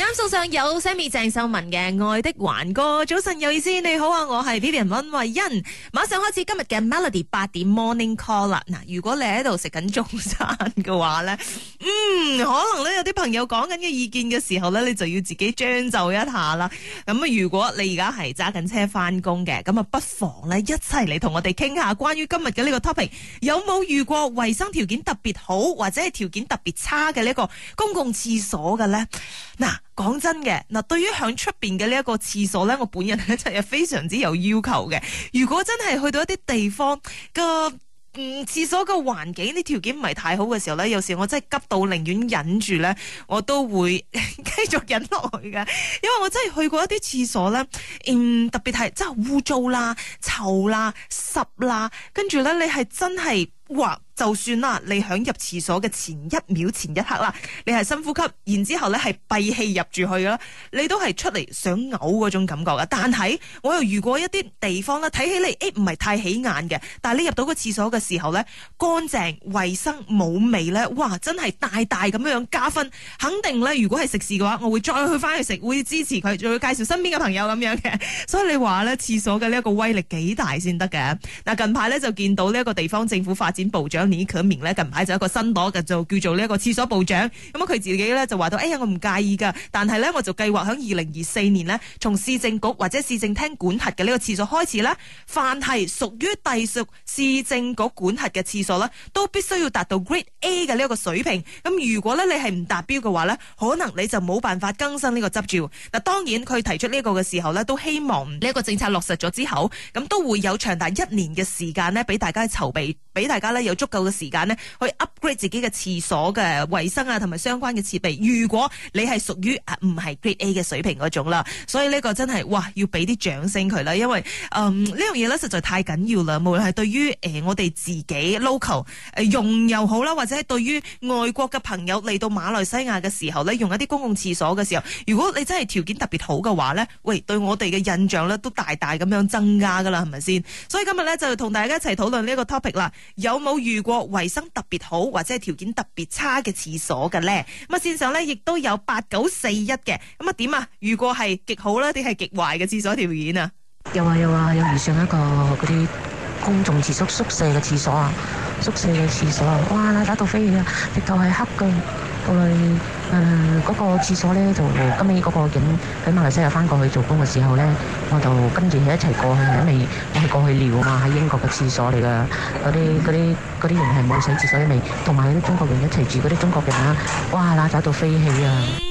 啱送上有 Sammy 鄭秀文嘅《愛的環歌》，早晨有意思，你好啊，我係 Vivian 溫慧欣。馬上開始今日嘅 Melody 八點 Morning Call 啦。嗱，如果你喺度食緊中餐嘅話咧，嗯，可能咧有啲朋友講緊嘅意見嘅時候咧，你就要自己將就一下啦。咁啊，如果你而家係揸緊車翻工嘅，咁啊，不妨咧一齊嚟同我哋傾下關於今日嘅呢個 topic，有冇遇過衛生條件特別好或者係條件特別差嘅呢個公共廁所嘅咧？嗱。講真嘅嗱，對於喺出邊嘅呢一個廁所咧，我本人咧就係非常之有要求嘅。如果真係去到一啲地方個嗯廁所個環境啲條件唔係太好嘅時候咧，有時我真係急到寧願忍住咧，我都會繼 續忍落去嘅。因為我真係去過一啲廁所咧，嗯，特別係真係污糟啦、臭啦、濕啦，跟住咧你係真係。哇，就算啦，你響入廁所嘅前一秒前一刻啦，你係深呼吸，然之後呢係閉氣入住去啦，你都係出嚟想嘔嗰種感覺嘅。但係我又如果一啲地方呢睇起嚟，誒唔係太起眼嘅，但係你入到個廁所嘅時候呢，乾淨衛生冇味呢，哇真係大大咁樣加分，肯定呢，如果係食肆嘅話，我會再去翻去食，會支持佢，仲會介紹身邊嘅朋友咁樣嘅。所以你話呢廁所嘅呢一個威力幾大先得嘅？嗱、啊、近排呢，就見到呢一個地方政府發展。部長 Nick Croom 呢近排就一個新朵嘅，就叫做呢一個廁所部長。咁啊，佢自己咧就話到，哎呀，我唔介意噶，但係咧，我就計劃響二零二四年呢從市政局或者市政廳管轄嘅呢個廁所開始咧，凡係屬於隸屬市政局管轄嘅廁所咧，都必須要達到 Grade A 嘅呢一個水平。咁如果咧你係唔達標嘅話咧，可能你就冇辦法更新呢個執照。嗱，當然佢提出呢個嘅時候咧，都希望呢一個政策落實咗之後，咁都會有長達一年嘅時間呢俾大家籌備。俾大家咧有足夠嘅時間呢去 upgrade 自己嘅廁所嘅衛生啊，同埋相關嘅設備。如果你係屬於唔係 Grade A 嘅水平嗰種啦，所以呢個真係哇，要俾啲掌聲佢啦，因為嗯呢樣嘢呢，實在太緊要啦。無論係對於誒、呃、我哋自己 local、呃、用又好啦，或者係對於外國嘅朋友嚟到馬來西亞嘅時候呢用一啲公共廁所嘅時候，如果你真係條件特別好嘅話呢，喂，對我哋嘅印象呢都大大咁樣增加噶啦，係咪先？所以今日呢，就同大家一齊討論呢一個 topic 啦。有冇遇過衛生特別好或者係條件特別差嘅廁所嘅咧？咁啊，線上咧亦都有八九四一嘅。咁啊，點啊？遇過係極好啦，定係極壞嘅廁所條件啊？有啊有啊，有遇上一個嗰啲公眾住宿宿舍嘅廁所啊，宿舍嘅廁所啊，哇啦打到飛啊，直頭係黑嘅。後來誒，嗰、呃那個廁所咧就，今尾嗰個警喺馬來西亞翻過去做工嘅時候咧，我就跟住佢一齊過去，因為我係過去撩啊嘛，喺英國嘅廁所嚟噶，嗰啲嗰啲嗰啲人係冇洗廁所因為同埋啲中國人一齊住嗰啲中國人啦，哇，嗱，走到飛起啊！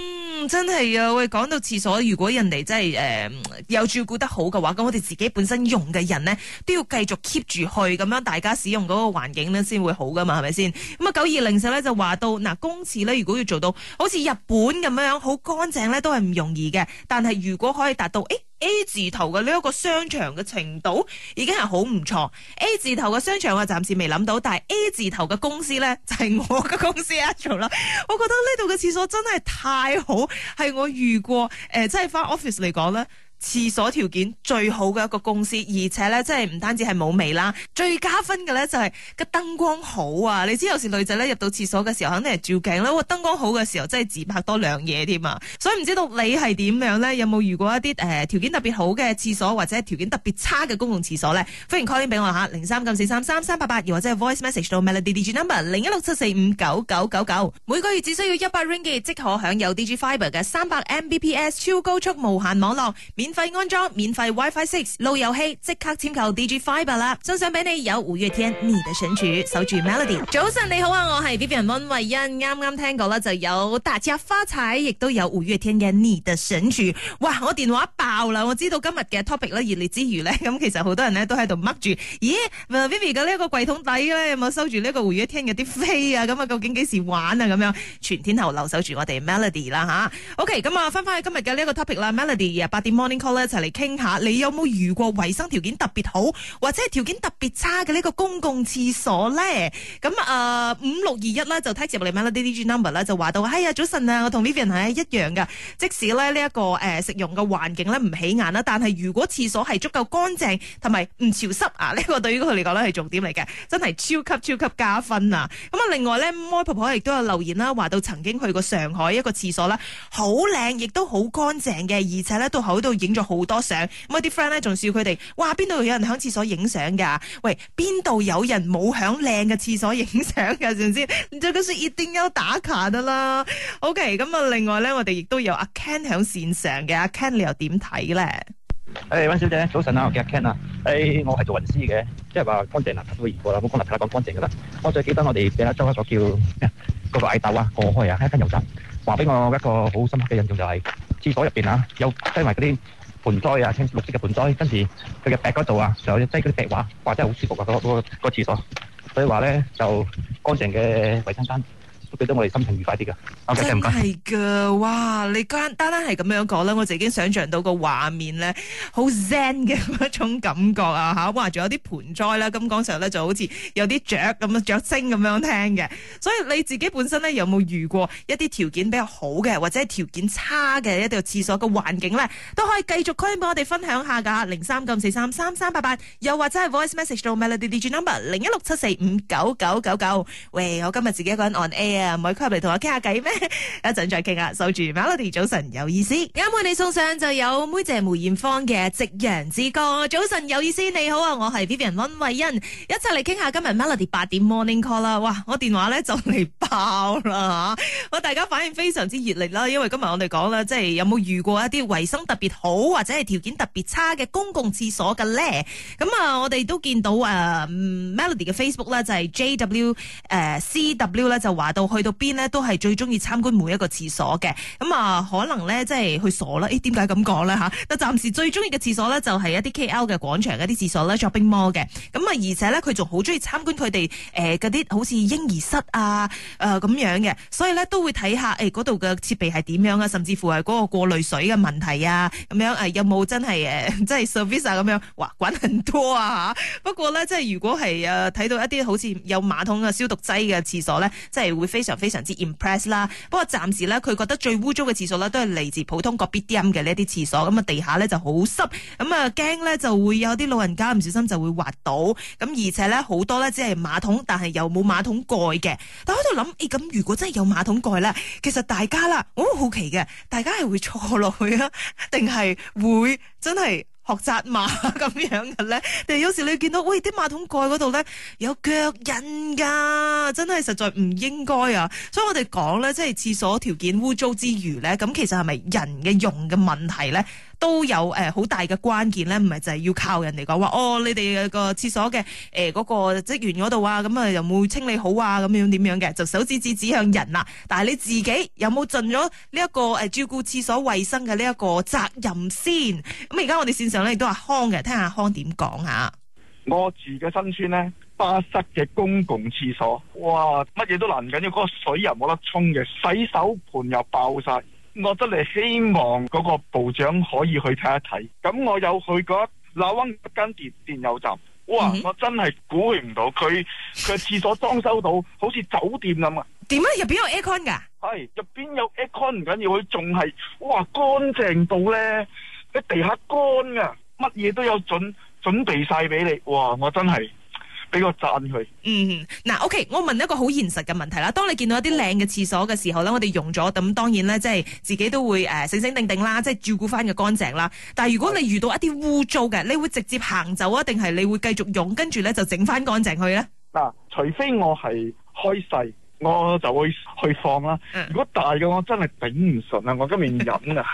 真係啊！喂，講到廁所，如果人哋真係誒、呃、有照顧得好嘅話，咁我哋自己本身用嘅人呢，都要繼續 keep 住去咁樣，大家使用嗰個環境呢，先會好㗎嘛，係咪先？咁啊，九二零四咧就話到，嗱、呃，公廁呢，如果要做到好似日本咁樣好乾淨呢，都係唔容易嘅。但係如果可以達到誒。欸 A 字頭嘅呢一個商場嘅程度已經係好唔錯，A 字頭嘅商場我暫時未諗到，但係 A 字頭嘅公司咧就係、是、我嘅公司阿 Joe 啦。我覺得呢度嘅廁所真係太好，係我遇過誒，即係返 office 嚟講咧。廁所條件最好嘅一個公司，而且咧即係唔單止係冇味啦，最加分嘅咧就係、是、個燈光好啊！你知有時女仔咧入到廁所嘅時候，肯定係照鏡啦。燈光好嘅時候，真係自拍多兩嘢添啊！所以唔知道你係點樣咧？有冇遇過一啲誒、呃、條件特別好嘅廁所，或者條件特別差嘅公共廁所咧？歡迎 call 俾我吓，零三九四三三三八八，又或者 voice message 到 myddg number 零一六七四五九九九九，每個月只需要一百 ringgit 即可享有 ddg fibre e 嘅三百 Mbps 超高速無限網絡免費安裝，免費 WiFi s i x l o a 即刻簽購 D J Fiber 啦！真相俾你有胡月天你的神曲，守住 Melody。早晨你好啊，我係 Vivian 溫慧欣。啱啱聽過啦，就有達只花彩，亦都有胡月天嘅你的神曲。哇！我電話爆啦，我知道今日嘅 topic 咧熱烈之餘呢，咁其實好多人呢都喺度 mark 住。咦 v i v i 嘅呢個櫃桶底咧有冇收住呢個胡月天嘅啲飛啊？咁啊，究竟幾時玩啊？咁樣全天候留守住我哋 Melody 啦吓。OK，咁啊，翻翻去今日嘅呢一個 topic 啦，Melody 啊，八點 morning。咧一齊嚟傾下，你有冇遇過衛生條件特別好或者係條件特別差嘅呢個公共廁所咧？咁啊，五六二一咧就睇節目嚟埋啦，D D G number 咧就話到，哎呀，早晨啊，我同 Vivian 係一樣噶。即使咧呢一、這個誒、呃、食用嘅環境咧唔起眼啦，但係如果廁所係足夠乾淨同埋唔潮濕啊，呢、這個對於佢嚟講咧係重點嚟嘅，真係超級超級加分啊！咁啊，另外咧，My 婆婆亦都有留言啦，話到曾經去過上海一個廁所啦，好靚，亦都好乾淨嘅，而且咧都好到影咗好多相，咁啊啲 friend 咧仲笑佢哋，哇邊度有人響廁所影相噶？喂，邊度有人冇響靚嘅廁所影相噶？知唔知？你最緊要一定要打卡得啦。OK，咁啊另外咧，我哋亦都有阿 Ken 響線上嘅，阿 Ken 你又點睇咧？誒、hey, 溫小姐早晨啊，我叫阿 Ken 啊。誒、嗯 hey, 我係做云師嘅，即係話乾淨啦，都完過啦，好乾淨啦，講乾淨噶啦。我最記得我哋俾阿周一個叫嗰個矮豆啊過開啊，喺一間油站，話俾我一個好深刻嘅印象就係、是、廁所入邊啊有堆埋嗰啲。盆栽啊，青色綠色嘅盆栽，跟住佢嘅壁嗰度啊，仲有啲砌啲壁畫，畫真係好舒服啊、那個、那個那個廁所，所以說咧就乾淨嘅衛生間。都俾得我哋心情愉快啲噶，okay，真係噶哇！你單單單係咁樣講啦。我就已經想象到個畫面咧，好 zen 嘅一種感覺啊吓！哇，仲有啲盆栽啦，咁講實咧就好似有啲雀咁啊，雀聲咁樣聽嘅。所以你自己本身咧，有冇遇過一啲條件比較好嘅，或者係條件差嘅一條廁所嘅環境咧，都可以繼續 call 俾我哋分享下噶。零三九四三三三八八，又或者係 voice message 到 melody D G number 零一六七四五九九九九。喂，我今日自己一個人 on air 啊。唔 可以加入嚟同我傾下偈咩？一 陣再傾下守住 Melody 早晨有意思。咁我哋送上就有梅姐梅艷芳嘅《夕陽之歌》。早晨有意思，你好啊，我係 Vivian 温慧欣，一齊嚟傾下今日 Melody 八點 Morning Call 啦。哇，我電話咧就嚟爆啦我 大家反應非常之熱烈啦，因為今日我哋講啦，即係有冇遇過一啲衛生特別好或者係條件特別差嘅公共廁所嘅咧？咁啊，我哋都見到誒，Melody 嘅 Facebook 咧就係 JW 誒 CW 咧就話到。Uh, 去到邊呢，都係最中意參觀每一個廁所嘅。咁啊，可能咧，即係去傻啦。誒、欸，點解咁講咧？吓、啊，暫時最中意嘅廁所咧，就係、是、一啲 K L 嘅廣場一啲廁所咧，作冰魔嘅。咁啊，而且咧，佢仲、呃、好中意參觀佢哋誒，嗰啲好似嬰兒室啊，誒、呃、咁樣嘅。所以咧，都會睇下誒嗰度嘅設備係點樣啊，甚至乎係嗰個過濾水嘅問題啊，咁樣誒、啊，有冇真係誒，即係 service 咁樣，哇，滾很多啊吓、啊。不過咧，即係如果係誒睇到一啲好似有馬桶嘅消毒劑嘅廁所咧，即係會飛非常非常之 impress 啦，不過暫時咧，佢覺得最污糟嘅廁所咧，都係嚟自普通個 b 啲 m 嘅呢啲廁所，咁啊，地下咧就好濕，咁啊驚咧就會有啲老人家唔小心就會滑倒，咁而且咧好多咧只係馬桶，但係又冇馬桶蓋嘅，但我喺度諗，誒、欸、咁如果真係有馬桶蓋咧，其實大家啦，我好奇嘅，大家係會坐落去啊，定係會真係？學紮馬咁樣嘅咧，但有時你見到喂啲馬桶蓋嗰度咧有腳印噶，真係實在唔應該啊！所以我哋講咧，即係廁所條件污糟之餘咧，咁其實係咪人嘅用嘅問題咧？都有誒好大嘅關鍵咧，唔係就係要靠人嚟講話哦，你哋個廁所嘅誒嗰個職員嗰度啊，咁啊又冇清理好啊，咁樣點樣嘅，就手指指指向人啦。但係你自己有冇盡咗呢一個誒照顧廁所衞生嘅呢一個責任先？咁而家我哋線上咧亦都話康嘅，聽下康點講啊？我住嘅新村咧，巴塞嘅公共廁所，哇，乜嘢都難緊，緊要嗰個水又冇得沖嘅，洗手盆又爆晒。我真係希望嗰個部長可以去睇一睇。咁我有去嗰一那灣間電電油站，哇！Mm-hmm. 我真係估佢唔到，佢佢廁所裝修到好似酒店咁啊！點解入邊有 aircon 噶？係入邊有 aircon 唔緊要，佢仲係哇乾淨到咧，啲地下乾啊，乜嘢都有準準備晒俾你。哇！我真係。畀個讚佢。嗯，嗱，OK，我問一個好現實嘅問題啦。當你見到一啲靚嘅廁所嘅時候咧，我哋用咗，咁當然咧，即係自己都會誒，醒醒定定啦，即係照顧翻個乾淨啦。但係如果你遇到一啲污糟嘅，你會直接行走啊，定係你會繼續用，跟住咧就整翻乾淨去咧？嗱、呃，除非我係開細，我就會去放啦。嗯、如果大嘅，我真係頂唔順啊，我今年忍 啊，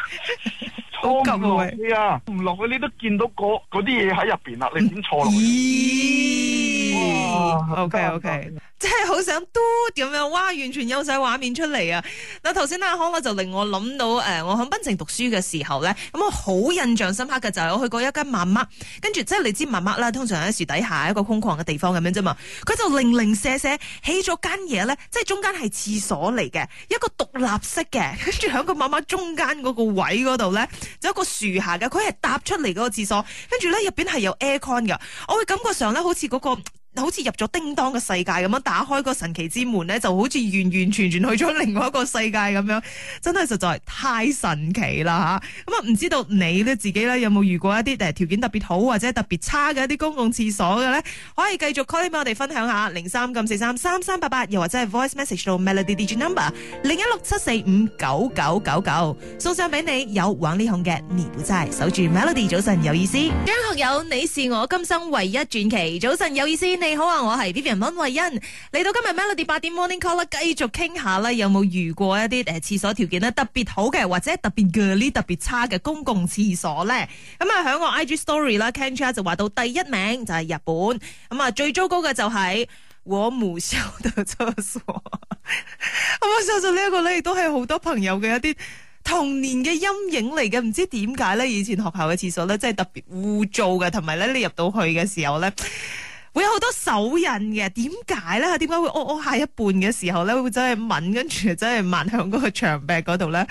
好急啊，唔 落去、啊、 你都見到嗰啲嘢喺入邊啦，你點坐落去？ O K O K，即係好想嘟咁樣，哇！完全有晒畫面出嚟啊！嗱，頭先阿康我就令我諗到，誒、呃，我響檳城讀書嘅時候咧，咁、嗯、我好印象深刻嘅就係我去過一間嬤嬤，跟住即係你知嬤嬤啦，通常喺樹底下一零零射射一，一個空曠嘅地方咁樣啫嘛，佢就零零舍舍起咗間嘢咧，即係中間係廁所嚟嘅，一個獨立式嘅，跟住喺個嬤嬤中間嗰個位嗰度咧，就有一個樹下嘅，佢係搭出嚟嗰個廁所，跟住咧入邊係有 aircon 噶，我會感覺上咧好似嗰、嗰個。好似入咗叮噹嘅世界咁樣，打開個神奇之門咧，就好似完完全全去咗另外一個世界咁樣，真係實在太神奇啦吓！咁啊，唔知道你咧自己咧有冇遇過一啲誒條件特別好或者特別差嘅一啲公共廁所嘅咧？可以繼續 call 俾我哋分享下零三咁四三三三八八，又或者係 voice message 到 Melody DJ number 零一六七四五九九九九，送上俾你有玩呢行嘅年補債，守住 Melody 早晨有意思。張學友，你是我今生唯一傳奇，早晨有意思。你、hey，好啊，我係 Vivian 溫慧欣嚟到今日 Melody 八點 Morning Call 啦，繼續傾下啦，有冇遇過一啲誒廁所條件咧特別好嘅，或者特別嘅呢特別差嘅公共廁所咧？咁啊響我 IG Story 啦 c a n t h e r 就話到第一名就係日本，咁、嗯、啊最糟糕嘅就係我冇收到廁所，我冇收到呢一個咧，亦都係好多朋友嘅一啲童年嘅陰影嚟嘅。唔知點解咧？以前學校嘅廁所咧真係特別污糟嘅，同埋咧你入到去嘅時候咧。會有好多手印嘅，點解咧？點解會屙屙下一半嘅時候咧，會真係吻，跟住真係抹向嗰個牆壁嗰度咧？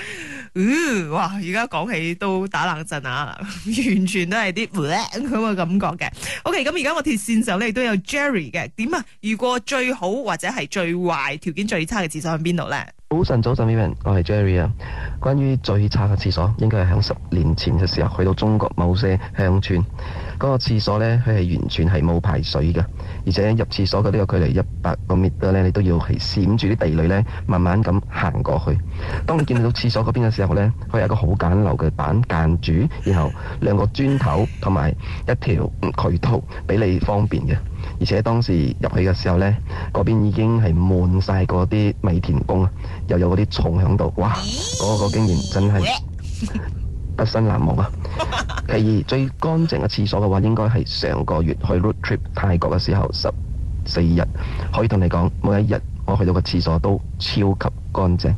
嗯、呃，哇！而家講起都打冷震啊，完全都係啲咁嘅感覺嘅。OK，咁而家我貼線時候咧，亦都有 Jerry 嘅。點啊？如果最好或者係最壞條件最差嘅廁所喺邊度咧？早晨，早晨，everyone，我係 Jerry 啊。關於最差嘅廁所，應該係響十年前嘅時候，去到中國某些鄉村。嗰、那個廁所呢，佢係完全係冇排水嘅，而且入廁所嘅呢個距離一百個 meter 呢，你都要係閃住啲地雷呢，慢慢咁行過去。當你見到廁所嗰邊嘅時候呢，佢有一個好簡陋嘅板間住，然後兩個磚頭同埋一條渠道俾你方便嘅。而且當時入去嘅時候呢，嗰邊已經係滿晒嗰啲米田共啊，又有嗰啲蟲喺度。哇！嗰個經驗真係畢生難忘啊！其二最乾淨嘅廁所嘅話，應該係上個月去 road trip 泰國嘅時候十四日，可以同你講，每一日我去到個廁所都超級乾淨。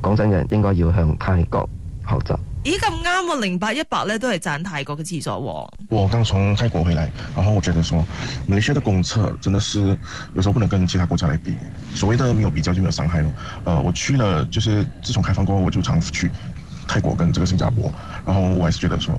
講真嘅，應該要向泰國學習。咦咁啱喎，零八一八咧都係贊泰國嘅廁所喎。我剛從泰國回來，然後我覺得說，有些嘅公廁真的是，有時候不能跟其他國家嚟比。所謂的沒有比較就沒有傷害咯。呃，我去了，就是自從開放過後，我就常去泰國跟這個新加坡，然後我還是覺得說。.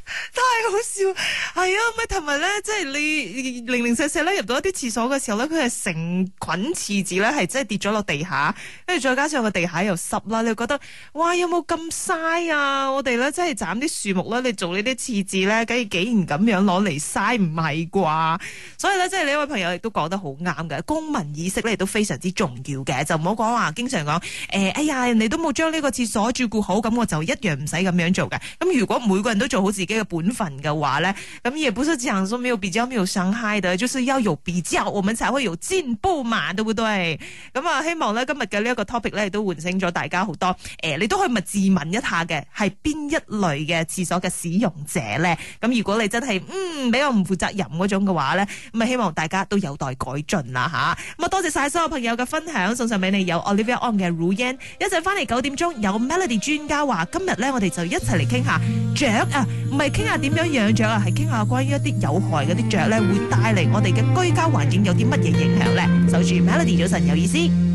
好笑係啊，咪同埋咧，即係你零零碎碎咧入到一啲廁所嘅時候咧，佢係成捆廁紙咧，係真係跌咗落地下，跟住再加上個地下又濕啦，你覺得哇有冇咁嘥啊？我哋咧即係斬啲樹木咧，你做呢啲廁紙咧，梗係竟然咁樣攞嚟嘥唔係啩？所以咧，即係呢位朋友亦都講得好啱嘅，公民意識咧亦都非常之重要嘅，就唔好講話經常講誒，哎呀人哋都冇將呢個廁所照顧好，咁我就一樣唔使咁樣做嘅。咁如果每個人都做好自己嘅本分。嘅話咧，咁也不是講說冇比較，冇傷害的，就是要有比較，我們才會有進步嘛，對唔對？咁啊，希望咧今日嘅呢一個 topic 咧都喚醒咗大家好多。誒，你都可以咪自問一下嘅，係邊一類嘅廁所嘅使用者咧？咁如果你真係嗯比較唔負責任嗰種嘅話咧，咁啊希望大家都有待改進啦吓。咁啊，多謝晒所有朋友嘅分享，送上俾你有 Olivia On 嘅 Rouen 一陣翻嚟九點鐘有 Melody 專家話今日咧，我哋就一齊嚟傾下啊，唔係傾下點樣。講養雀啊，係傾下關於一啲有害嗰啲雀咧，會帶嚟我哋嘅居家環境有啲乜嘢影響咧？守住 Melody 早晨有意思。